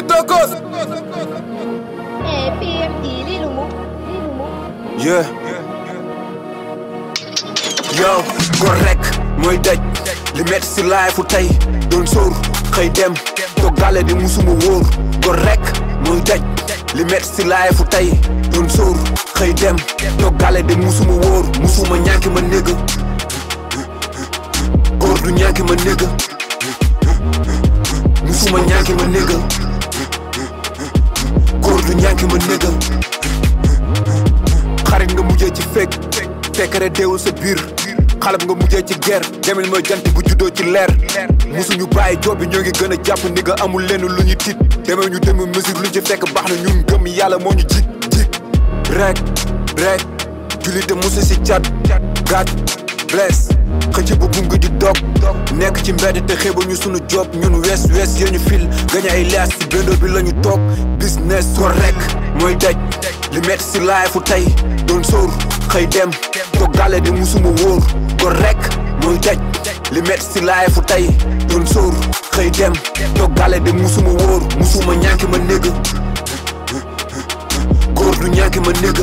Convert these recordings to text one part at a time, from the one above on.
Hey Tokos. Hey mooy daj li métti fu tey doon sóor xëy dem toggaale di musuma wóor góor rek mooy daj li métti fu tey doon sóor xëy dem toggaale di musuma wóor musuma ñàkki ma négg góor du ñàkki ma négg musuma ñàkki ma négg fekki ma négal xarit nga mujjee ci fekk fekkare deewul sa biir xalab nga mujjee ci guerre demel mooy jant bu juddoo ci leer ñu bàyyi joobi ñoo ngi gën a jàpp ni nga amul lenn lu ñu tiit demee ñu demi mesure luñ ci fekk baax na ñu gëm yàlla moo ñu jig jig rek rek julli de musa si cat gat bless xëcc bu bum gi di dog nekk ci mbedd te xeeba ñu sunu job ñun wes wes yéen fil gañu ay lees si bendo bi la ñu toog business correct mooy daj li metti si fu tey doon sóor xëy dem toog daale di musuma wóor correct mooy daj li metti si laay fu tey doon sóor xëy dem toog daale di musuma wóor musuma ñànki ma négg góor du ñànki ma négg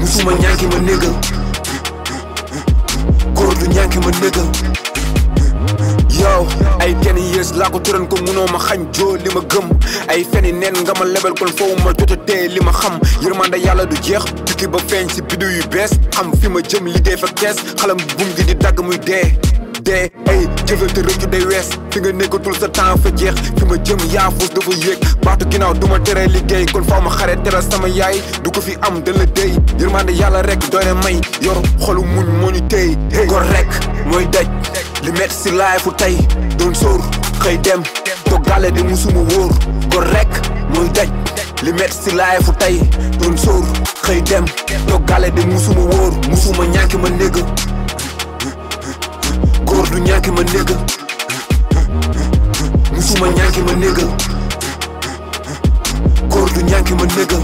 musuma ñànki ma négg du ñànk ma nëgal yow ay ten years laa ko tëral ko munoo ma xañ joo li ma gëm ay feni neen nga ma lebel kon foofu ma jot a tee li ma xam ma yërmande yàlla du jeex tukki ba feeñ si biddu yu bees xam fi ma jëm liggéey fa kees xalam bum gi di dagg muy dee dee suufeel te rëccu day wees fi nga nekkatul sa temps fa jeex fi ma jëm yaa fuus dafa yéeg baatu ginnaaw du ma tere liggéey kon faaw ma xare teral sama yaay du ko fi am da la dey yërmande yàlla rek doy na may yor xolu muñ moo ñu tey gor rek mooy daj li metti si laay fu tey doon sóor xëy dem toggaale di musuma wóor gor rek mooy daj li tey doon sóor xëy ma négg Gordo, lu ñànki ma nigga musuma ñànki ma nigga Gordo, lu ñànki nigga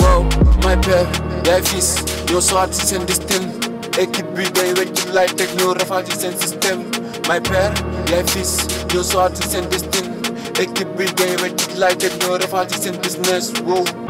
wow my père yaay fils yow soxaat si seen distin équipe bi day wecc lay teg ñoo rafaat si seen système my père yaay fils yow soxaat si seen distin équipe bi day wecc lay teg ñoo rafaat si seen business wow